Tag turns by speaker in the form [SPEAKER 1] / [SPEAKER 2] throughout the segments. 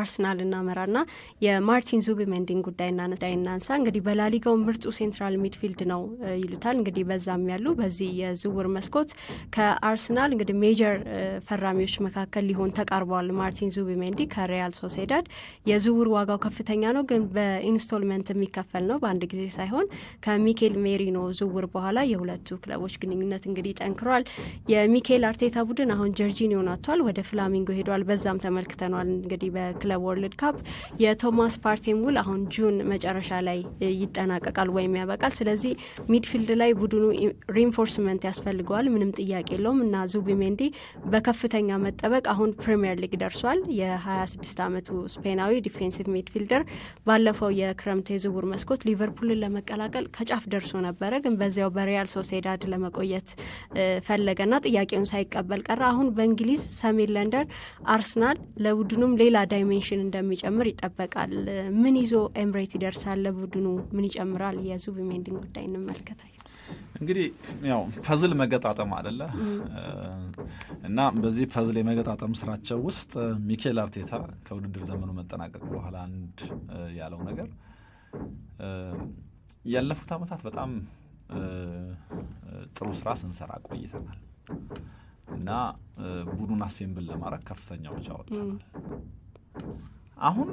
[SPEAKER 1] አርሰናል ና የማርቲን ዙቢሜንዲን ጉዳይ እናንሳ። እንግዲህ በላሊጋው ምርጡ ሴንትራል ሚድፊልድ ነው ይሉታል። እንግዲህ በዛም ያሉ በዚህ የዝውውር መስኮት ከአርሰናል እንግዲህ ሜጀር ፈራሚዎች መካከል ሊሆን ተቃርበዋል። ማርቲን መንዲ ከሪያል ሶሴዳድ የዝውውር ዋጋው ከፍተኛ ነው፣ ግን በኢንስቶልመንት የሚከፈል ነው፣ በአንድ ጊዜ ሳይሆን። ከሚኬል ሜሪኖ ዝውውር በኋላ የሁለቱ ክለቦች ግንኙነት እንግዲህ ጠንክሯል። የሚኬል አርቴታ ቡድን አሁን ጀርጂኒዮን አጥቷል፣ ወደ ፍላሚንጎ ሄዷል። በዛም ተመልክተነዋል እንግዲህ ክለብ ወርልድ ካፕ የቶማስ ፓርቴን ውል አሁን ጁን መጨረሻ ላይ ይጠናቀቃል ወይም ያበቃል። ስለዚህ ሚድፊልድ ላይ ቡድኑ ሪንፎርስመንት ያስፈልገዋል፣ ምንም ጥያቄ የለውም እና ዙቢሜንዲ በከፍተኛ መጠበቅ አሁን ፕሪምየር ሊግ ደርሷል። የ26 ዓመቱ ስፔናዊ ዲፌንሲቭ ሚድፊልደር ባለፈው የክረምት የዝውውር መስኮት ሊቨርፑልን ለመቀላቀል ከጫፍ ደርሶ ነበረ፣ ግን በዚያው በሪያል ሶሴዳድ ለመቆየት ፈለገና ጥያቄውን ሳይቀበል ቀረ። አሁን በእንግሊዝ ሰሜን ለንደን አርስናል ለቡድኑም ሌላ ዳይ ዳይሜንሽን እንደሚጨምር ይጠበቃል። ምን ይዞ ኤምሬት ይደርሳል? ቡድኑ ምን ይጨምራል? የዙቢሜንዲን ጉዳይ እንመልከታል።
[SPEAKER 2] እንግዲህ ያው ፐዝል መገጣጠም አደለ እና በዚህ ፐዝል የመገጣጠም ስራቸው ውስጥ ሚኬል አርቴታ ከውድድር ዘመኑ መጠናቀቅ በኋላ አንድ ያለው ነገር ያለፉት አመታት በጣም ጥሩ ስራ ስንሰራ ቆይተናል እና ቡድኑን አሴምብል ለማድረግ ከፍተኛ ወጪ አውጥተናል። አሁን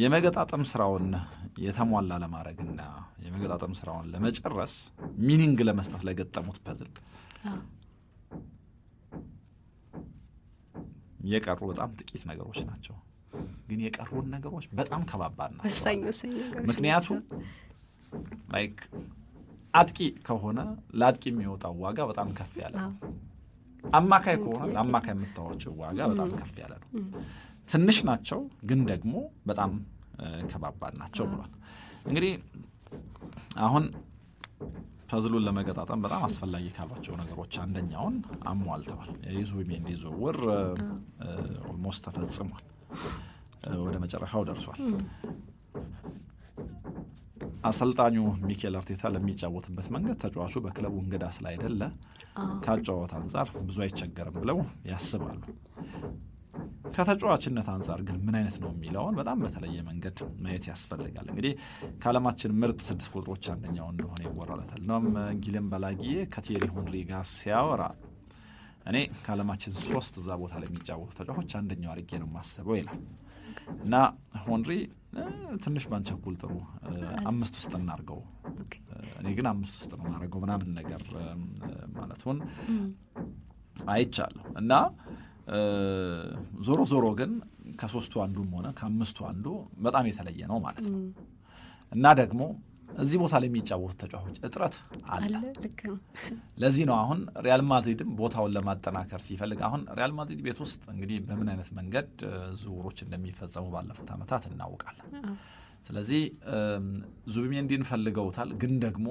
[SPEAKER 2] የመገጣጠም ስራውን የተሟላ ለማድረግና የመገጣጠም ስራውን ለመጨረስ ሚኒንግ ለመስጠት ለገጠሙት ፐዝል የቀሩ በጣም ጥቂት ነገሮች ናቸው። ግን የቀሩን ነገሮች በጣም ከባባድ
[SPEAKER 1] ናቸው።
[SPEAKER 2] ምክንያቱም ላይክ አጥቂ ከሆነ ለአጥቂ የሚወጣው ዋጋ በጣም ከፍ ያለ ነው። አማካይ ከሆነ ለአማካይ የምታዋቸው ዋጋ በጣም ከፍ ያለ ነው። ትንሽ ናቸው፣ ግን ደግሞ በጣም ከባባድ ናቸው ብሏል። እንግዲህ አሁን ፐዝሉን ለመገጣጠም በጣም አስፈላጊ ካሏቸው ነገሮች አንደኛውን አሟልተዋል። የዙቢሜንዲ ዝውውር ኦልሞስት ተፈጽሟል፣ ወደ መጨረሻው ደርሷል። አሰልጣኙ ሚኬል አርቴታ ለሚጫወትበት መንገድ ተጫዋቹ በክለቡ እንግዳ ስላይደለ ከአጨዋወት አንጻር ብዙ አይቸገርም ብለው ያስባሉ። ከተጫዋችነት አንጻር ግን ምን አይነት ነው የሚለውን በጣም በተለየ መንገድ ማየት ያስፈልጋል። እንግዲህ ከዓለማችን ምርጥ ስድስት ቁጥሮች አንደኛው እንደሆነ ይወራለታል። እናም ጊሌም በላጊዬ ከቴሪ ሁንሪ ጋር ሲያወራ እኔ ከዓለማችን ሶስት እዛ ቦታ ላይ የሚጫወቱ ተጫዋቾች አንደኛው አድርጌ ነው የማስበው ይላል እና ሆንሪ ትንሽ ባንቸኩል ጥሩ አምስት ውስጥ እናርገው፣ እኔ ግን አምስት ውስጥ ነው ማድረገው ምናምን ነገር ማለቱን አይቻለሁ እና ዞሮ ዞሮ ግን ከሶስቱ አንዱም ሆነ ከአምስቱ አንዱ በጣም የተለየ ነው ማለት ነው እና ደግሞ እዚህ ቦታ ላይ የሚጫወቱ ተጫዋቾች እጥረት አለ። ለዚህ ነው አሁን ሪያል ማድሪድም ቦታውን ለማጠናከር ሲፈልግ አሁን ሪያል ማድሪድ ቤት ውስጥ እንግዲህ በምን አይነት መንገድ ዝውሮች እንደሚፈጸሙ ባለፉት ዓመታት እናውቃለን። ስለዚህ ዙቢሜንዲን ፈልገውታል፣ ግን ደግሞ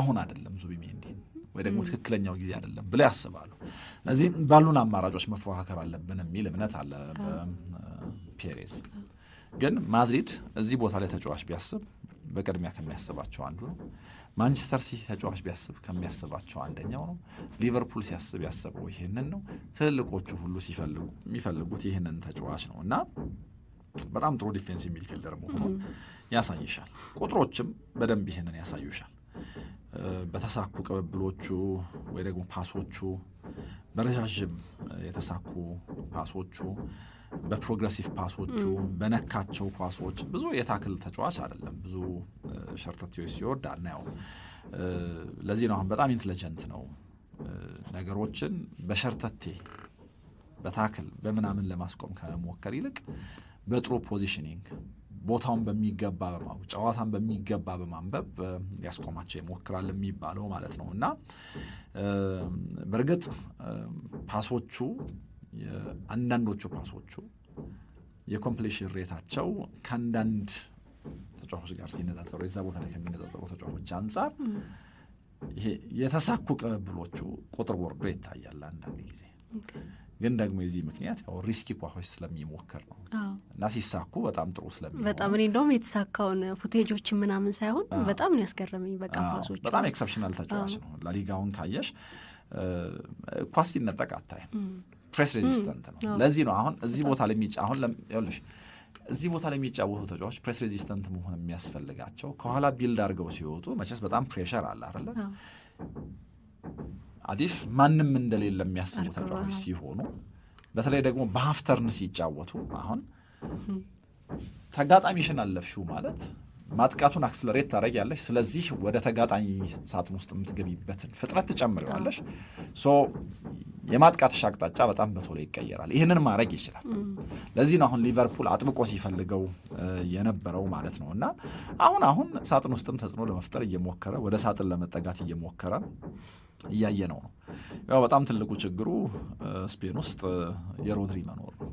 [SPEAKER 2] አሁን አይደለም ዙቢሜንዲን ወይ ደግሞ ትክክለኛው ጊዜ አይደለም ብለው ያስባሉ። ስለዚህ ባሉን አማራጮች መፎካከር አለብን የሚል እምነት አለ ፔሬዝ። ግን ማድሪድ እዚህ ቦታ ላይ ተጫዋች ቢያስብ በቅድሚያ ከሚያስባቸው አንዱ ነው። ማንቸስተር ሲቲ ተጫዋች ቢያስብ ከሚያስባቸው አንደኛው ነው። ሊቨርፑል ሲያስብ ያሰበው ይህንን ነው። ትልልቆቹ ሁሉ ሲፈልጉ የሚፈልጉት ይህንን ተጫዋች ነው እና በጣም ጥሩ ዲፌንስ የሚል መሆኑን ያሳይሻል። ቁጥሮችም በደንብ ይህንን ያሳዩሻል። በተሳኩ ቅብብሎቹ ወይ ደግሞ ፓሶቹ በረዣዥም የተሳኩ ፓሶቹ በፕሮግረሲቭ ፓሶቹ በነካቸው ኳሶች ብዙ የታክል ተጫዋች አይደለም። ብዙ ሸርተቴዎች ሲወርድ አናየው። ለዚህ ነው አሁን በጣም ኢንትለጀንት ነው ነገሮችን በሸርተቴ በታክል በምናምን ለማስቆም ከመሞከር ይልቅ በጥሩ ፖዚሽኒንግ ቦታውን በሚገባ በማወቅ ጨዋታን በሚገባ በማንበብ ሊያስቆማቸው ይሞክራል የሚባለው ማለት ነው እና በእርግጥ ፓሶቹ አንዳንዶቹ ፓሶቹ የኮምፕሌሽን ሬታቸው ከአንዳንድ ተጫዋቾች ጋር ሲነጣጠሩ የዛ ቦታ ላይ ከሚነጣጠሩ ተጫዋቾች አንጻር ይሄ የተሳኩ ቅብብሎቹ ቁጥር ወርዶ ይታያል አንዳንድ ጊዜ ግን ደግሞ የዚህ ምክንያት ያው ሪስኪ ኳሆች ስለሚሞክር ነው እና ሲሳኩ በጣም ጥሩ ስለሚ
[SPEAKER 1] በጣም እኔ እንደውም የተሳካውን ፉቴጆችን ምናምን ሳይሆን በጣም ያስገረመኝ። በቃ ኳሶች
[SPEAKER 2] በጣም ኤክሰፕሽናል ተጫዋች ነው። ላሊጋውን ካየሽ ኳስ ሲነጠቅ አታይም። ፕሬስ ሬዚስተንት ነው። ለዚህ ነው አሁን እዚህ ቦታ ለሚጫ አሁን ይኸውልሽ እዚህ ቦታ ላይ የሚጫወቱ ተጫዋች ፕሬስ ሬዚስተንት መሆን የሚያስፈልጋቸው ከኋላ ቢልድ አድርገው ሲወጡ መቼስ በጣም ፕሬሸር አለ አይደለ አዲፍ ማንም እንደሌለ የሚያስቡ ተጫዋቾች ሲሆኑ በተለይ ደግሞ በሀፍተርን ሲጫወቱ አሁን ተጋጣሚሽን አለፍሽው ማለት ማጥቃቱን አክስለሬት ታደረጊያለሽ። ስለዚህ ወደ ተጋጣኝ ሳጥን ውስጥ የምትገቢበትን ፍጥነት ትጨምሪዋለሽ። ሶ የማጥቃት አቅጣጫ በጣም በቶሎ ይቀየራል። ይህንን ማድረግ ይችላል። ለዚህ ነው አሁን ሊቨርፑል አጥብቆ ሲፈልገው የነበረው ማለት ነው። እና አሁን አሁን ሳጥን ውስጥም ተጽዕኖ ለመፍጠር እየሞከረ ወደ ሳጥን ለመጠጋት እየሞከረ እያየ ነው ነው። ያው በጣም ትልቁ ችግሩ ስፔን ውስጥ የሮድሪ መኖር ነው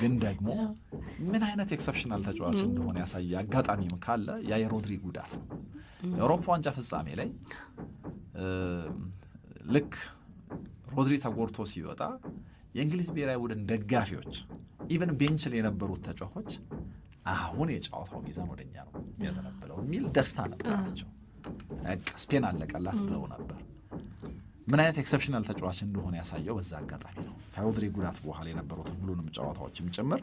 [SPEAKER 2] ግን ደግሞ ምን አይነት ኤክሰፕሽናል ተጫዋች እንደሆነ ያሳየ አጋጣሚም ካለ ያ የሮድሪ ጉዳት ነው። የአውሮፓ ዋንጫ ፍጻሜ ላይ ልክ ሮድሪ ተጎድቶ ሲወጣ የእንግሊዝ ብሔራዊ ቡድን ደጋፊዎች ኢቨን ቤንችል የነበሩት ተጫዋቾች አሁን የጨዋታው ሚዛን ወደኛ ነው የሚያዘነብለው የሚል ደስታ ነበራቸው። ስፔን አለቀላት ብለው ነበር። ምን አይነት ኤክሰፕሽናል ተጫዋች እንደሆነ ያሳየው በዛ አጋጣሚ ነው። ከሮድሪ ጉዳት በኋላ የነበሩትን ሁሉንም ጨዋታዎችም ጭምር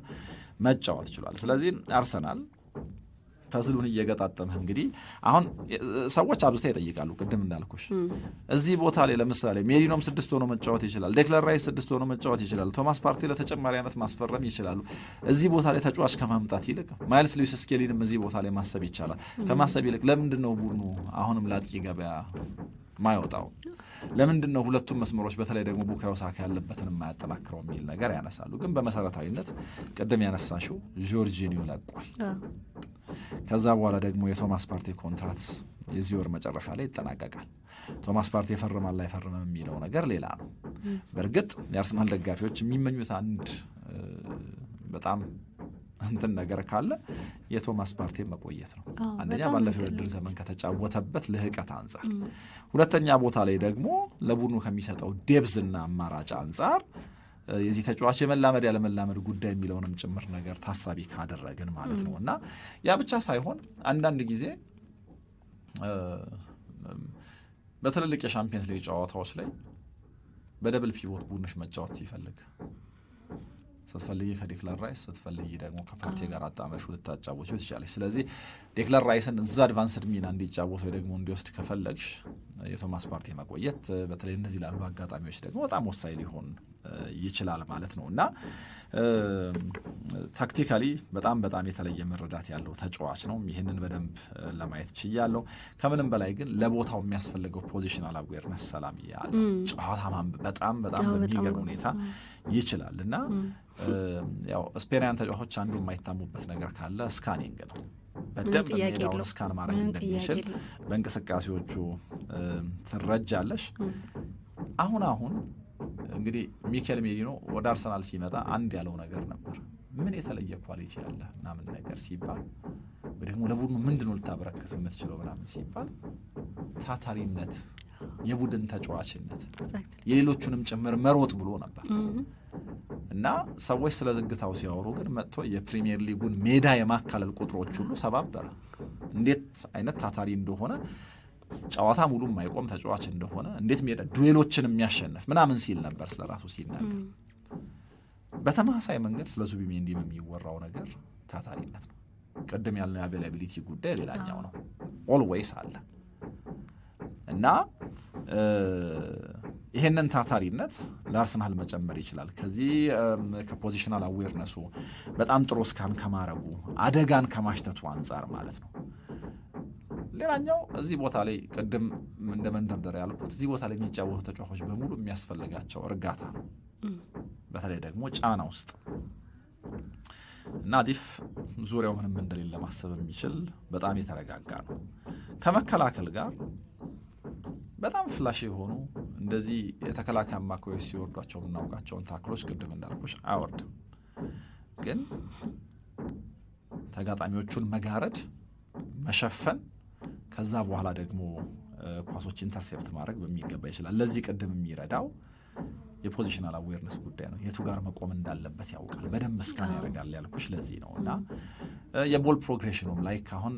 [SPEAKER 2] መጫወት ችሏል። ስለዚህ አርሰናል ፐዝሉን እየገጣጠመህ እንግዲህ አሁን ሰዎች አብዝታ ይጠይቃሉ። ቅድም እንዳልኩሽ እዚህ ቦታ ላይ ለምሳሌ ሜሪኖም ስድስት ሆኖ መጫወት ይችላል። ዴክለር ራይስ ስድስት ሆኖ መጫወት ይችላል። ቶማስ ፓርቲ ለተጨማሪ ዓመት ማስፈረም ይችላሉ። እዚህ ቦታ ላይ ተጫዋች ከማምጣት ይልቅ ማይልስ ሉዊስ ስኬሊንም እዚህ ቦታ ላይ ማሰብ ይቻላል። ከማሰብ ይልቅ ለምንድን ነው ቡድኑ አሁንም ለአጥቂ ገበያ ማይወጣው ለምንድን ነው ሁለቱም መስመሮች በተለይ ደግሞ ቡካዮ ሳካ ያለበትን የማያጠናክረው የሚል ነገር ያነሳሉ። ግን በመሰረታዊነት ቅድም ያነሳሽው ጆርጂኒዮ ለቋል። ከዛ በኋላ ደግሞ የቶማስ ፓርቲ ኮንትራት የዚህ ወር መጨረሻ ላይ ይጠናቀቃል። ቶማስ ፓርቲ ይፈርማል አይፈርምም የሚለው ነገር ሌላ ነው። በእርግጥ የአርሰናል ደጋፊዎች የሚመኙት አንድ በጣም እንትን ነገር ካለ የቶማስ ፓርቴን መቆየት ነው። አንደኛ ባለፈው የውድድር ዘመን ከተጫወተበት ልህቀት አንጻር፣ ሁለተኛ ቦታ ላይ ደግሞ ለቡድኑ ከሚሰጠው ዴብዝና አማራጭ አንጻር የዚህ ተጫዋች የመላመድ ያለመላመድ ጉዳይ የሚለውንም ጭምር ነገር ታሳቢ ካደረግን ማለት ነው እና ያ ብቻ ሳይሆን አንዳንድ ጊዜ በትልልቅ የሻምፒየንስ ሊግ ጨዋታዎች ላይ በደብል ፒቮት ቡድኖች መጫወት ሲፈልግ ስትፈልጊ ከዴክለር ራይስ ስትፈልጊ ደግሞ ከፓርቴ ጋር አጣመሹ ልታጫወች ትችላለች። ስለዚህ ዴክለር ራይስን እዛ አድቫንስድ ሚና እንዲጫወት ወይ ደግሞ እንዲወስድ ከፈለግሽ የቶማስ ፓርቴ መቆየት በተለይ እነዚህ ላሉ አጋጣሚዎች ደግሞ በጣም ወሳኝ ሊሆን ይችላል ማለት ነው እና ታክቲካሊ በጣም በጣም የተለየ መረዳት ያለው ተጫዋች ነው። ይህንን በደንብ ለማየት ችያለው። ከምንም በላይ ግን ለቦታው የሚያስፈልገው ፖዚሽናል አዌርነስ ሰላም ያለ ጨዋታ ማንበብ በጣም በጣም በሚገርም ሁኔታ ይችላል እና ያው ስፔናውያን ተጫዋቾች አንዱ የማይታሙበት ነገር ካለ ስካኒንግ ነው። በደንብ ሜዳውን ስካን ማድረግ እንደሚችል በእንቅስቃሴዎቹ ትረጃለሽ። አሁን አሁን እንግዲህ ሚኬል ሜሪኖ ወደ አርሰናል ሲመጣ አንድ ያለው ነገር ነበር። ምን የተለየ ኳሊቲ አለ ምናምን ነገር ሲባል ወይ ደግሞ ለቡድኑ ምንድን ነው ልታበረከት የምትችለው ምናምን ሲባል ታታሪነት፣ የቡድን ተጫዋችነት፣ የሌሎቹንም ጭምር መሮጥ ብሎ ነበር እና ሰዎች ስለ ዝግታው ሲያወሩ ግን መጥቶ የፕሪሚየር ሊጉን ሜዳ የማካለል ቁጥሮች ሁሉ ሰባበረ። እንዴት አይነት ታታሪ እንደሆነ ጨዋታ ሙሉ የማይቆም ተጫዋች እንደሆነ እንዴት ሜዳ ዱዌሎችን የሚያሸንፍ ምናምን ሲል ነበር ስለ ራሱ ሲናገር። በተመሳሳይ መንገድ ስለ ዙቢሜንዲ የሚወራው ነገር ታታሪነት ነው። ቅድም ያልነው የአቬላቢሊቲ ጉዳይ ሌላኛው ነው። ኦልዌይስ አለ እና ይሄንን ታታሪነት ለአርሰናል መጨመር ይችላል። ከዚህ ከፖዚሽናል አዌርነሱ በጣም ጥሩ እስካን ከማረጉ አደጋን ከማሽተቱ አንጻር ማለት ነው። ሌላኛው እዚህ ቦታ ላይ ቅድም እንደ መንደርደሪያ ያልኩት እዚህ ቦታ ላይ የሚጫወቱ ተጫዋቾች በሙሉ የሚያስፈልጋቸው እርጋታ ነው። በተለይ ደግሞ ጫና ውስጥ እና ዲፍ ዙሪያው ምንም እንደሌለ ማሰብ የሚችል በጣም የተረጋጋ ነው። ከመከላከል ጋር በጣም ፍላሽ የሆኑ እንደዚህ የተከላካይ አማካዮች ሲወርዷቸው የምናውቃቸውን ታክሎች ቅድም እንዳልኩሽ አይወርድም፣ ግን ተጋጣሚዎቹን መጋረድ መሸፈን ከዛ በኋላ ደግሞ ኳሶች ኢንተርሴፕት ማድረግ በሚገባ ይችላል። ለዚህ ቅድም የሚረዳው የፖዚሽናል አዌርነስ ጉዳይ ነው። የቱ ጋር መቆም እንዳለበት ያውቃል፣ በደንብ እስካን ያደርጋል ያልኩሽ ለዚህ ነው። እና የቦል ፕሮግሬሽኑም ላይ ካሁን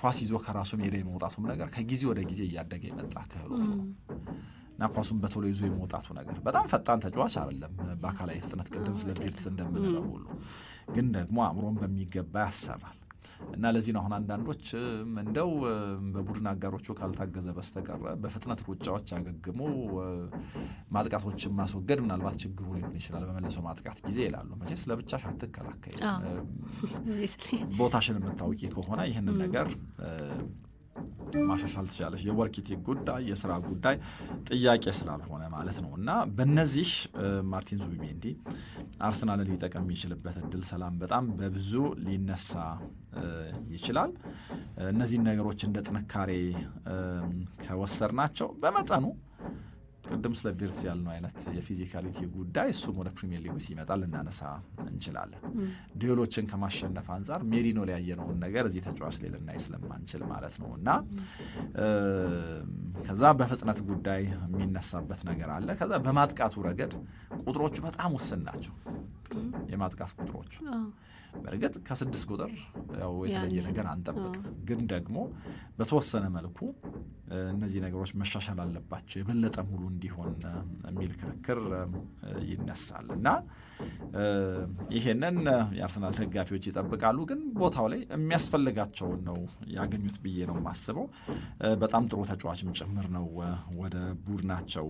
[SPEAKER 2] ኳስ ይዞ ከራሱ ሜዳ የመውጣቱም ነገር ከጊዜ ወደ ጊዜ እያደገ የመጣ ክህሎት ነው እና ኳሱን በቶሎ ይዞ የመውጣቱ ነገር በጣም ፈጣን ተጫዋች አይደለም፣ በአካላዊ ፍጥነት ቅድም ስለ እንደምንለው ሁሉ ግን ደግሞ አእምሮን በሚገባ ያሰራል። እና ለዚህ ነው አሁን አንዳንዶች እንደው በቡድን አጋሮቹ ካልታገዘ በስተቀረ በፍጥነት ሩጫዎች አገግሞ ማጥቃቶችን ማስወገድ ምናልባት ችግሩ ሊሆን ይችላል በመልሶ ማጥቃት ጊዜ ይላሉ። መቼስ ለብቻሽ አትከላከይ። ቦታሽን የምታውቂ ከሆነ ይህንን ነገር ማሻሻል ትችላለች። የወርኪቲ ጉዳይ የስራ ጉዳይ ጥያቄ ስላልሆነ ማለት ነው። እና በእነዚህ ማርቲን ዙቢሜንዲ አርሰናልን ሊጠቀም የሚችልበት እድል ሰላም በጣም በብዙ ሊነሳ ይችላል። እነዚህን ነገሮች እንደ ጥንካሬ ከወሰድ ናቸው በመጠኑ ቅድም ስለ ቪርትስ ያልነው አይነት የፊዚካሊቲ ጉዳይ እሱም ወደ ፕሪሚየር ሊጉ ሲመጣ ልናነሳ እንችላለን። ድሎችን ከማሸነፍ አንጻር ሜሪኖ ላይ ያየነውን ነገር እዚህ ተጫዋች ላይ ልናይ ስለማንችል ማለት ነው እና ከዛ በፍጥነት ጉዳይ የሚነሳበት ነገር አለ። ከዛ በማጥቃቱ ረገድ ቁጥሮቹ በጣም ውስን ናቸው። የማጥቃት ቁጥሮች በእርግጥ ከስድስት ቁጥር ያው የተለየ ነገር አንጠብቅም፣ ግን ደግሞ በተወሰነ መልኩ እነዚህ ነገሮች መሻሻል አለባቸው የበለጠ ሙሉ እንዲሆን የሚል ክርክር ይነሳል እና ይሄንን የአርሰናል ደጋፊዎች ይጠብቃሉ። ግን ቦታው ላይ የሚያስፈልጋቸውን ነው ያገኙት ብዬ ነው የማስበው። በጣም ጥሩ ተጫዋችም ጭምር ነው ወደ ቡድናቸው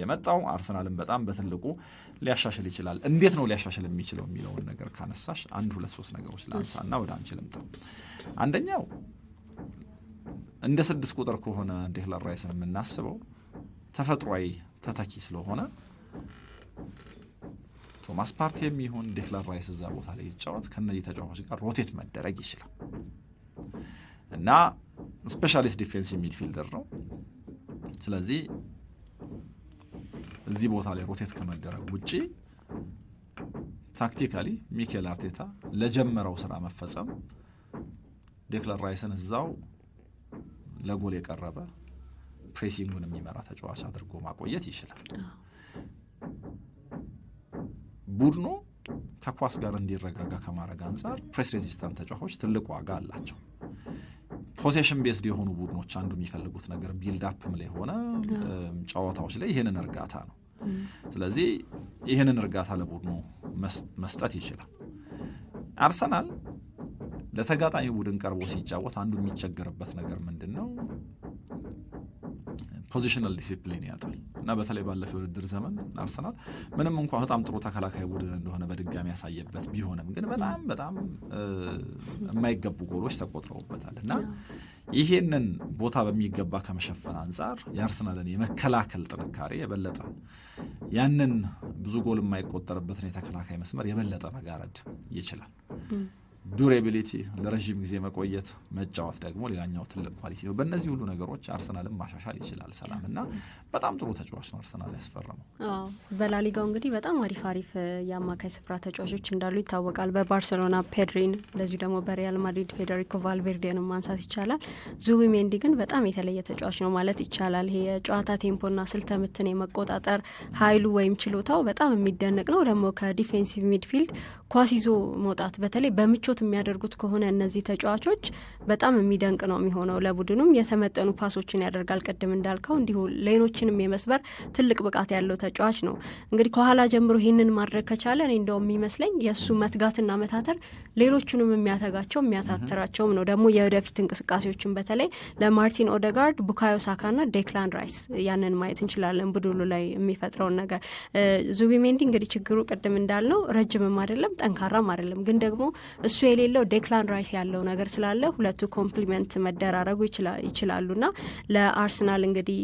[SPEAKER 2] የመጣው። አርሰናልን በጣም በትልቁ ሊያሻሽል ይችላል። እንዴት ነው ሊያሻሽል ማሻሻል የሚችለው የሚለውን ነገር ካነሳሽ አንድ ሁለት ሶስት ነገሮች ለአንሳና ወደ አንቺ ልምጣ። አንደኛው እንደ ስድስት ቁጥር ከሆነ ዴክላን ራይስን የምናስበው ተፈጥሯዊ ተተኪ ስለሆነ ቶማስ ፓርቲ የሚሆን ዴክላን ራይስ እዛ ቦታ ላይ ይጫወት ከእነዚህ ተጫዋቾች ጋር ሮቴት መደረግ ይችላል እና ስፔሻሊስት ዲፌንስ ሚድፊልደር ነው። ስለዚህ እዚህ ቦታ ላይ ሮቴት ከመደረግ ውጪ ታክቲካሊ ሚኬል አርቴታ ለጀመረው ስራ መፈጸም ዴክለር ራይስን እዛው ለጎል የቀረበ ፕሬሲንጉን የሚመራ ተጫዋች አድርጎ ማቆየት ይችላል። ቡድኑ ከኳስ ጋር እንዲረጋጋ ከማድረግ አንጻር ፕሬስ ሬዚስታንት ተጫዋቾች ትልቅ ዋጋ አላቸው። ፖሴሽን ቤዝድ የሆኑ ቡድኖች አንዱ የሚፈልጉት ነገር ቢልዳፕም ላይ ሆነ ጨዋታዎች ላይ ይህንን እርጋታ ነው። ስለዚህ ይህንን እርጋታ ለቡድኑ መስጠት ይችላል። አርሰናል ለተጋጣሚ ቡድን ቀርቦ ሲጫወት አንዱ የሚቸገርበት ነገር ምንድን ነው? ፖዚሽናል ዲሲፕሊን ያጣል እና በተለይ ባለፈው የውድድር ዘመን አርሰናል ምንም እንኳ በጣም ጥሩ ተከላካይ ቡድን እንደሆነ በድጋሚ ያሳየበት ቢሆንም ግን በጣም በጣም የማይገቡ ጎሎች ተቆጥረውበታል እና ይሄንን ቦታ በሚገባ ከመሸፈን አንጻር የአርሰናልን የመከላከል ጥንካሬ የበለጠ ያንን ብዙ ጎል የማይቆጠርበትን የተከላካይ መስመር የበለጠ መጋረድ ይችላል። ዱሬቢሊቲ ለረዥም ጊዜ መቆየት መጫወት ደግሞ ሌላኛው ትልቅ ኳሊቲ ነው። በእነዚህ ሁሉ ነገሮች አርሰናልን ማሻሻል ይችላል ሰላም እና በጣም ጥሩ ተጫዋች ነው አርሰናል ያስፈረመው።
[SPEAKER 1] በላሊጋው እንግዲህ በጣም አሪፍ አሪፍ የአማካይ ስፍራ ተጫዋቾች እንዳሉ ይታወቃል። በባርሴሎና ፔድሪን፣ እንደዚሁ ደግሞ በሪያል ማድሪድ ፌዴሪኮ ቫልቬርዴን ማንሳት ይቻላል። ሜንዲ ግን በጣም የተለየ ተጫዋች ነው ማለት ይቻላል። ይሄ የጨዋታ ቴምፖና ስልተ ምትን የመቆጣጠር ኃይሉ ወይም ችሎታው በጣም የሚደነቅ ነው። ደግሞ ከዲፌንሲቭ ሚድፊልድ ኳስ ይዞ መውጣት በተለይ በምቾት ጥረት የሚያደርጉት ከሆነ እነዚህ ተጫዋቾች በጣም የሚደንቅ ነው የሚሆነው። ለቡድኑም የተመጠኑ ፓሶችን ያደርጋል። ቅድም እንዳልከው እንዲሁ ሌኖችንም የመስበር ትልቅ ብቃት ያለው ተጫዋች ነው። እንግዲህ ከኋላ ጀምሮ ይህንን ማድረግ ከቻለ እኔ እንደው የሚመስለኝ የእሱ መትጋትና መታተር ሌሎቹንም የሚያተጋቸው የሚያታትራቸውም ነው። ደግሞ የወደፊት እንቅስቃሴዎችን በተለይ ለማርቲን ኦደጋርድ፣ ቡካዮ ሳካና ዴክላን ራይስ ያንን ማየት እንችላለን። ቡድኑ ላይ የሚፈጥረውን ነገር ዙቢሜንዲ እንግዲህ ችግሩ ቅድም እንዳልነው ረጅምም አይደለም ጠንካራም አይደለም፣ ግን ደግሞ እሱ የሌለው ዴክላን ራይስ ያለው ነገር ስላለ ሁለቱ ኮምፕሊመንት መደራረጉ ይችላሉና ለአርሰናል እንግዲህ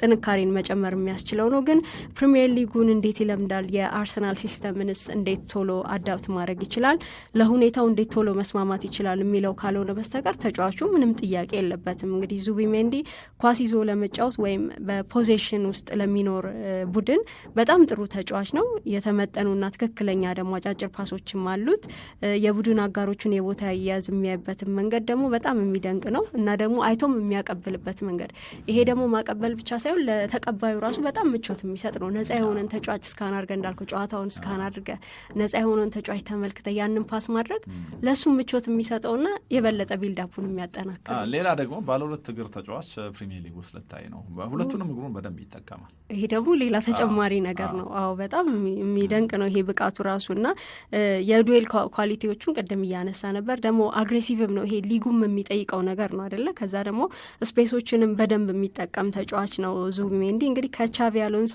[SPEAKER 1] ጥንካሬን መጨመር የሚያስችለው ነው። ግን ፕሪሚየር ሊጉን እንዴት ይለምዳል? የአርሰናል ሲስተምንስ እንዴት ቶሎ አዳብት ማድረግ ይችላል? ለሁኔታው እንዴት ቶሎ መስማማት ይችላል የሚለው ካልሆነ በስተቀር ተጫዋቹ ምንም ጥያቄ የለበትም። እንግዲህ ዙቢሜንዲ ኳስ ይዞ ለመጫወት ወይም በፖዚሽን ውስጥ ለሚኖር ቡድን በጣም ጥሩ ተጫዋች ነው። የተመጠኑና ትክክለኛ ደግሞ አጫጭር ፓሶችም አሉት። የቡድን አጋሮቹን የቦታ አያያዝ የሚያይበትን መንገድ ደግሞ በጣም የሚደንቅ ነው እና ደግሞ አይቶም የሚያቀብልበት መንገድ ይሄ ደግሞ ማቀበል ብቻ ሳይሆን ለተቀባዩ ራሱ በጣም ምቾት የሚሰጥ ነው። ነጻ የሆነን ተጫዋች እስካን አድርገ እንዳልከው ጨዋታውን እስካን አድርገ ነጻ የሆነን ተጫዋች ተመልክተ ያንን ፓስ ማድረግ ለእሱ ምቾት የሚሰጠውና የበለጠ ቢልዳፑን የሚያጠናክር
[SPEAKER 2] ሌላ ደግሞ ባለ ሁለት እግር ተጫዋች ፕሪሚየር ሊግ ውስጥ ልታይ ነው። ሁለቱንም እግሩን በደንብ ይጠቀማል።
[SPEAKER 1] ይሄ ደግሞ ሌላ ተጨማሪ ነገር ነው። አዎ በጣም የሚደንቅ ነው ይሄ ብቃቱ ራሱ እና የዱዌል ኳሊቲዎቹን ቅድም እያነሳ ነበር። ደግሞ አግሬሲቭም ነው ይሄ ሊጉም የሚጠይቀው ነገር ነው አደለ? ከዛ ደግሞ ስፔሶችንም በደንብ የሚጠቀም ተጫዋች ነው። ነው ዙቢሜንዲ እንግዲህ ከቻቪ አሎንሶ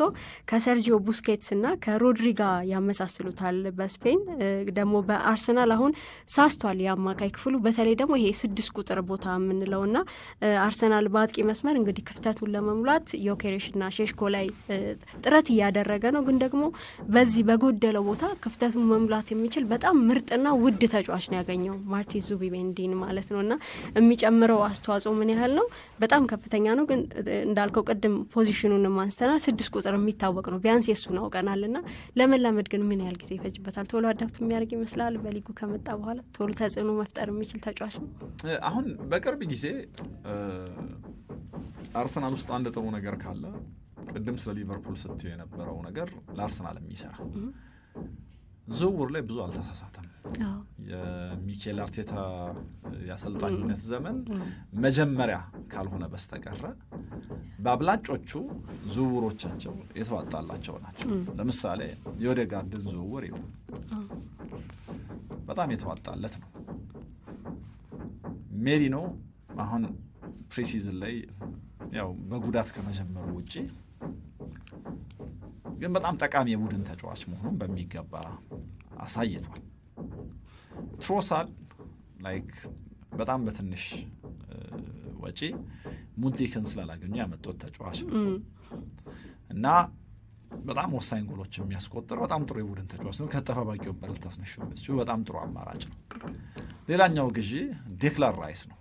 [SPEAKER 1] ከሰርጂዮ ቡስኬትስ እና ከሮድሪ ጋር ያመሳስሉታል። በስፔን ደግሞ በአርሰናል አሁን ሳስቷል የአማካይ ክፍሉ በተለይ ደግሞ ይሄ ስድስት ቁጥር ቦታ የምንለው እና አርሰናል በአጥቂ መስመር እንግዲህ ክፍተቱን ለመሙላት ዮኬሬሽ እና ሼሽኮ ላይ ጥረት እያደረገ ነው። ግን ደግሞ በዚህ በጎደለው ቦታ ክፍተቱን መሙላት የሚችል በጣም ምርጥና ውድ ተጫዋች ነው ያገኘው ማርቲን ዙቢሜንዲን ማለት ነው እና የሚጨምረው አስተዋጽኦ ምን ያህል ነው? በጣም ከፍተኛ ነው። ግን እንዳልከው ቅድም ፖዚሽኑንም አንስተናል። ስድስት ቁጥር የሚታወቅ ነው፣ ቢያንስ የሱን አውቀናል እና ለመላመድ ግን ምን ያህል ጊዜ ይፈጅበታል? ቶሎ አዳፕት የሚያደርግ ይመስላል። በሊጉ ከመጣ በኋላ ቶሎ ተጽዕኖ መፍጠር የሚችል ተጫዋች ነው።
[SPEAKER 2] አሁን በቅርብ ጊዜ አርሰናል ውስጥ አንድ ጥሩ ነገር ካለ ቅድም ስለ ሊቨርፑል ስትዩ የነበረው ነገር ለአርሰናል የሚሰራ ዝውውር ላይ ብዙ አልተሳሳተም። የሚኬል አርቴታ የአሰልጣኝነት ዘመን መጀመሪያ ካልሆነ በስተቀረ በአብላጮቹ ዝውውሮቻቸው የተዋጣላቸው ናቸው። ለምሳሌ የኦዴጋርድን ዝውውር ይሁ በጣም የተዋጣለት ነው። ሜሪኖ አሁን ፕሪሲዝን ላይ ያው በጉዳት ከመጀመሩ ውጭ ግን በጣም ጠቃሚ የቡድን ተጫዋች መሆኑን በሚገባ አሳይቷል። ትሮሳል ላይክ በጣም በትንሽ ወጪ ሙንቲክን ስላላገኙ ያመጡት ተጫዋች ነው እና በጣም ወሳኝ ጎሎች የሚያስቆጥር በጣም ጥሩ የቡድን ተጫዋች ነው። ከተፈባቂ ወንበር ልታስነሹ የምትችሉ በጣም ጥሩ አማራጭ ነው። ሌላኛው ግዢ ዴክላን ራይስ ነው።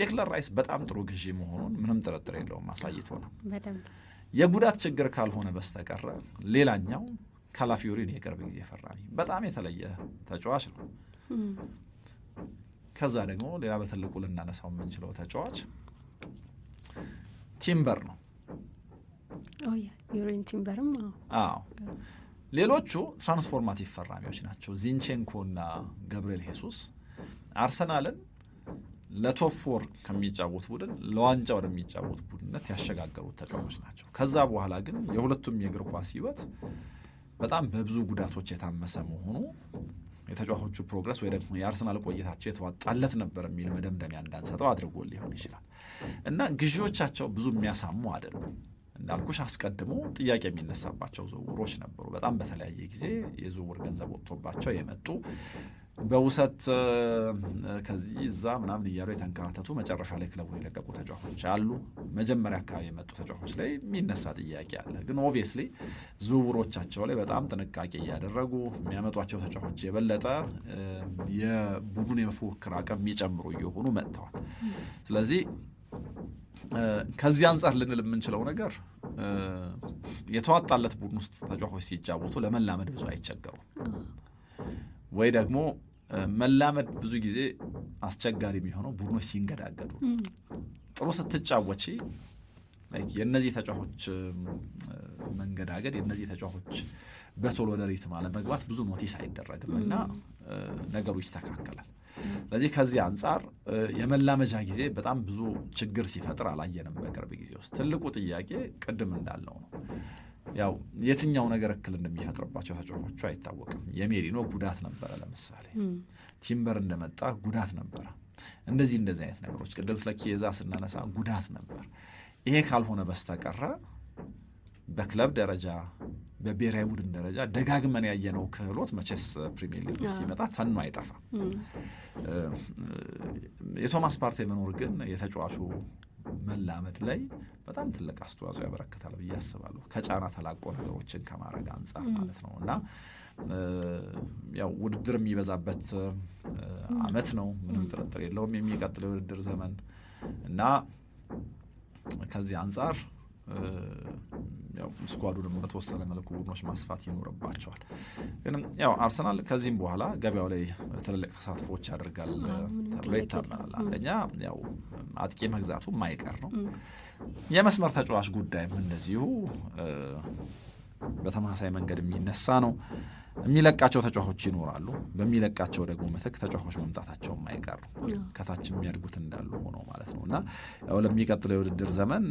[SPEAKER 2] ዴክላን ራይስ በጣም ጥሩ ግዢ መሆኑን ምንም ጥርጥር የለውም ማሳየት ሆነ የጉዳት ችግር ካልሆነ በስተቀረ ሌላኛው ካላፊዮሪን የቅርብ ጊዜ ፈራሚ በጣም የተለየ ተጫዋች ነው። ከዛ ደግሞ ሌላ በትልቁ ልናነሳው የምንችለው ተጫዋች ቲምበር ነው።
[SPEAKER 1] ዩሬን ቲምበርም አዎ።
[SPEAKER 2] ሌሎቹ ትራንስፎርማቲቭ ፈራሚዎች ናቸው። ዚንቼንኮ እና ገብርኤል ሄሱስ አርሰናልን ለቶፎር ከሚጫወት ቡድን ለዋንጫ ወደሚጫወት ቡድንነት ያሸጋገሩት ተጫዋቾች ናቸው። ከዛ በኋላ ግን የሁለቱም የእግር ኳስ ህይወት በጣም በብዙ ጉዳቶች የታመሰ መሆኑ የተጫዋቾቹ ፕሮግረስ ወይ ደግሞ የአርሰናል ቆይታቸው የተዋጣለት ነበር የሚል መደምደሚያ እንዳንሰጠው አድርጎ ሊሆን ይችላል። እና ግዢዎቻቸው ብዙ የሚያሳሙ አይደሉም። እንዳልኩሽ አስቀድሞ ጥያቄ የሚነሳባቸው ዝውውሮች ነበሩ። በጣም በተለያየ ጊዜ የዝውውር ገንዘብ ወጥቶባቸው የመጡ በውሰት ከዚህ እዛ ምናምን እያሉ የተንከራተቱ መጨረሻ ላይ ክለቡ የለቀቁ ተጫዋቾች አሉ። መጀመሪያ አካባቢ የመጡ ተጫዋቾች ላይ የሚነሳ ጥያቄ አለ። ግን ኦብቪየስሊ ዝውውሮቻቸው ላይ በጣም ጥንቃቄ እያደረጉ የሚያመጧቸው ተጫዋቾች የበለጠ የቡድን የመፎክር አቅም የሚጨምሩ እየሆኑ መጥተዋል። ስለዚህ ከዚህ አንጻር ልንል የምንችለው ነገር የተዋጣለት ቡድን ውስጥ ተጫዋቾች ሲጫወቱ ለመላመድ ብዙ አይቸገሩም ወይ ደግሞ መላመድ ብዙ ጊዜ አስቸጋሪ የሚሆነው ቡድኖች ሲንገዳገዱ። ጥሩ ስትጫወች የእነዚህ ተጫዋቾች መንገዳገድ የእነዚህ ተጫዋቾች በቶሎ ወደ ሪትም አለመግባት ብዙ ኖቲስ አይደረግም እና ነገሩ ይስተካከላል። ስለዚህ ከዚህ አንጻር የመላመጃ ጊዜ በጣም ብዙ ችግር ሲፈጥር አላየንም። በቅርብ ጊዜ ውስጥ ትልቁ ጥያቄ ቅድም እንዳለው ነው። ያው የትኛው ነገር እክል እንደሚፈጥርባቸው ተጫዋቾቹ አይታወቅም። የሜሪኖ ጉዳት ነበረ፣ ለምሳሌ ቲምበር እንደመጣ ጉዳት ነበረ። እንደዚህ እንደዚህ አይነት ነገሮች ቅድም ስለ ኬዛ ስናነሳ ጉዳት ነበር። ይሄ ካልሆነ በስተቀረ በክለብ ደረጃ በብሔራዊ ቡድን ደረጃ ደጋግመን ያየነው ክህሎት መቼስ ፕሪሚየር ሊግ ሲመጣ ተኖ አይጠፋም። የቶማስ ፓርቴ መኖር ግን የተጫዋቹ መላመድ ላይ በጣም ትልቅ አስተዋጽኦ ያበረክታል ብዬ አስባለሁ። ከጫና ተላቆ ነገሮችን ከማድረግ አንጻር ማለት ነው እና ያው ውድድር የሚበዛበት አመት ነው፣ ምንም ጥርጥር የለውም የሚቀጥለው የውድድር ዘመን እና ከዚህ አንጻር ስኳዱ ደግሞ በተወሰነ መልኩ ቡድኖች ማስፋት ይኖርባቸዋል። ግን ያው አርሰናል ከዚህም በኋላ ገበያው ላይ ትልልቅ ተሳትፎዎች ያደርጋል ተብሎ ይታመናል። አንደኛ ያው አጥቂ መግዛቱ ማይቀር ነው። የመስመር ተጫዋች ጉዳይም እንደዚሁ በተመሳሳይ መንገድ የሚነሳ ነው። የሚለቃቸው ተጫዋቾች ይኖራሉ። በሚለቃቸው ደግሞ ምትክ ተጫዋቾች መምጣታቸው የማይቀር ከታች የሚያድጉት እንዳሉ ሆኖ ማለት ነው እና ያው ለሚቀጥለው የውድድር ዘመን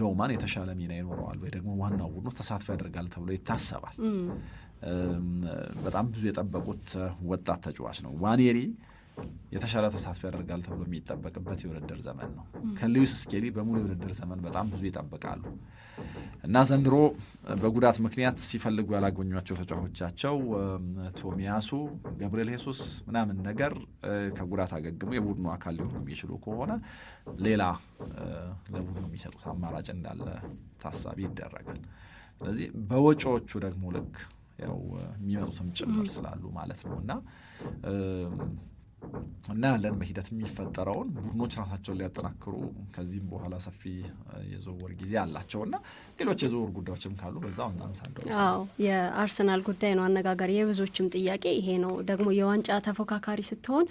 [SPEAKER 2] ዶውማን የተሻለ ሚና ይኖረዋል ወይ ደግሞ ዋናው ቡድኑ ተሳትፎ ያደርጋል ተብሎ ይታሰባል። በጣም ብዙ የጠበቁት ወጣት ተጫዋች ነው ዋኔሪ የተሻለ ተሳትፎ ያደርጋል ተብሎ የሚጠበቅበት የውድድር ዘመን ነው። ከሉዊስ ስኬሊ በሙሉ የውድድር ዘመን በጣም ብዙ ይጠብቃሉ እና ዘንድሮ በጉዳት ምክንያት ሲፈልጉ ያላገኟቸው ተጫዋቾቻቸው ቶሚያሱ፣ ገብርኤል ሄሱስ ምናምን ነገር ከጉዳት አገግመው የቡድኑ አካል ሊሆኑ የሚችሉ ከሆነ ሌላ ለቡድኑ የሚሰጡት አማራጭ እንዳለ ታሳቢ ይደረጋል። ስለዚህ በወጪዎቹ ደግሞ ልክ ያው የሚመጡትም ጭምር ስላሉ ማለት ነው እና ያለን በሂደት የሚፈጠረውን ቡድኖች ራሳቸውን ሊያጠናክሩ ከዚህም በኋላ ሰፊ የዝውውር ጊዜ አላቸው እና ሌሎች የዝውውር ጉዳዮችም ካሉ በዛው
[SPEAKER 1] አዎ የአርሰናል ጉዳይ ነው አነጋጋሪ፣ የብዙዎችም ጥያቄ ይሄ ነው። ደግሞ የዋንጫ ተፎካካሪ ስትሆን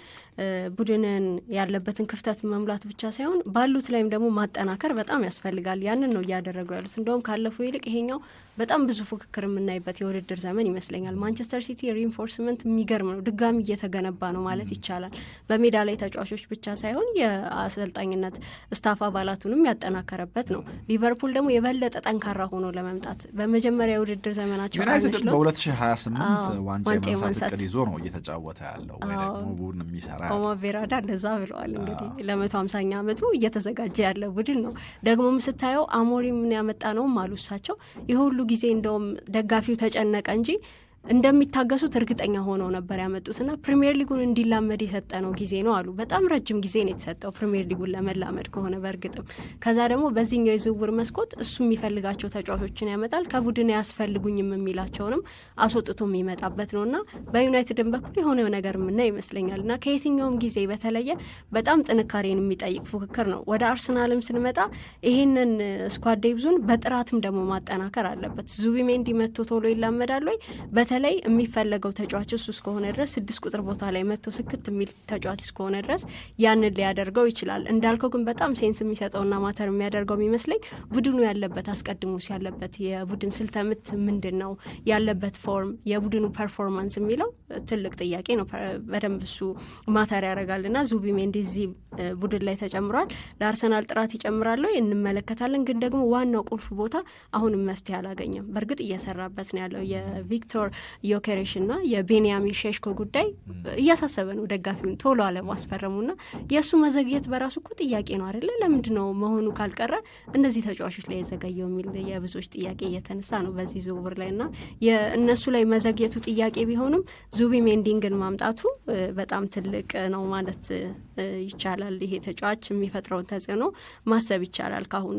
[SPEAKER 1] ቡድንን ያለበትን ክፍተት መሙላት ብቻ ሳይሆን ባሉት ላይም ደግሞ ማጠናከር በጣም ያስፈልጋል። ያንን ነው እያደረጉ ያሉት። እንደውም ካለፈው ይልቅ ይሄኛው በጣም ብዙ ፉክክር የምናይበት የውድድር ዘመን ይመስለኛል። ማንቸስተር ሲቲ ሪንፎርስመንት የሚገርም ነው። ድጋሚ እየተገነባ ነው ማለት ይቻላል። ይቻላል። በሜዳ ላይ ተጫዋቾች ብቻ ሳይሆን የአሰልጣኝነት ስታፍ አባላቱንም ያጠናከረበት ነው። ሊቨርፑል ደግሞ የበለጠ ጠንካራ ሆኖ ለመምጣት በመጀመሪያ የውድድር ዘመናቸው
[SPEAKER 2] ዩናይትድ በ2028 ዋንጫ የማንሳት ይዞ ነው እየተጫወተ ያለው ወይ ቡድን የሚሰራ
[SPEAKER 1] እንደዛ ብለዋል። እንግዲህ ለመቶ ሃምሳኛ ዓመቱ እየተዘጋጀ ያለ ቡድን ነው። ደግሞም ስታየው አሞሪም ያመጣ ነውም አሉ እሳቸው የሁሉ ጊዜ እንደውም ደጋፊው ተጨነቀ እንጂ እንደሚታገሱት እርግጠኛ ሆነው ነበር ያመጡትና ፕሪሚየር ሊጉን እንዲላመድ የሰጠነው ጊዜ ነው አሉ። በጣም ረጅም ጊዜ ነው የተሰጠው ፕሪሚየር ሊጉን ለመላመድ ከሆነ በእርግጥም ከዛ ደግሞ በዚህኛው የዝውውር መስኮት እሱ የሚፈልጋቸው ተጫዋቾችን ያመጣል፣ ከቡድን ያስፈልጉኝም የሚላቸውንም አስወጥቶ የሚመጣበት ነው እና በዩናይትድን በኩል የሆነ ነገር ምና ይመስለኛል እና ከየትኛውም ጊዜ በተለየ በጣም ጥንካሬን የሚጠይቅ ፉክክር ነው። ወደ አርሰናልም ስንመጣ ይሄንን ስኳድ ዴብዙን በጥራትም ደግሞ ማጠናከር አለበት። ዙቢሜንዲ መጥቶ ቶሎ ይላመዳል ወይ በተለይ የሚፈለገው ተጫዋች እሱ እስከሆነ ድረስ ስድስት ቁጥር ቦታ ላይ መጥቶ ስክት የሚል ተጫዋች እስከሆነ ድረስ ያንን ሊያደርገው ይችላል። እንዳልከው ግን በጣም ሴንስ የሚሰጠውና ማተር የሚያደርገው የሚመስለኝ ቡድኑ ያለበት አስቀድሞ ያለበት የቡድን ስልተ ምት ምንድን ነው ያለበት ፎርም፣ የቡድኑ ፐርፎርማንስ የሚለው ትልቅ ጥያቄ ነው። በደንብ እሱ ማተር ያደርጋል እና ዙቢሜንዲ እዚህ ቡድን ላይ ተጨምሯል። ለአርሰናል ጥራት ይጨምራል እንመለከታለን። ግን ደግሞ ዋናው ቁልፍ ቦታ አሁንም መፍትሄ አላገኘም። በእርግጥ እየሰራበት ነው ያለው የቪክቶር ዮኬሬሽ ና የቤንያሚን ሼሽኮ ጉዳይ እያሳሰበ ነው ደጋፊውን ቶሎ አለማስፈረሙና የእሱ መዘግየት በራሱ እኮ ጥያቄ ነው አይደለ? ለምንድ ነው መሆኑ ካልቀረ እነዚህ ተጫዋቾች ላይ የዘገየው የሚል የብዙዎች ጥያቄ እየተነሳ ነው በዚህ ዝውውር ላይ ና የእነሱ ላይ መዘግየቱ ጥያቄ ቢሆንም ዙቢ ሜንዲንግን ማምጣቱ በጣም ትልቅ ነው ማለት ይቻላል። ይሄ ተጫዋች የሚፈጥረውን ተጽዕኖ ማሰብ ይቻላል ካሁኑ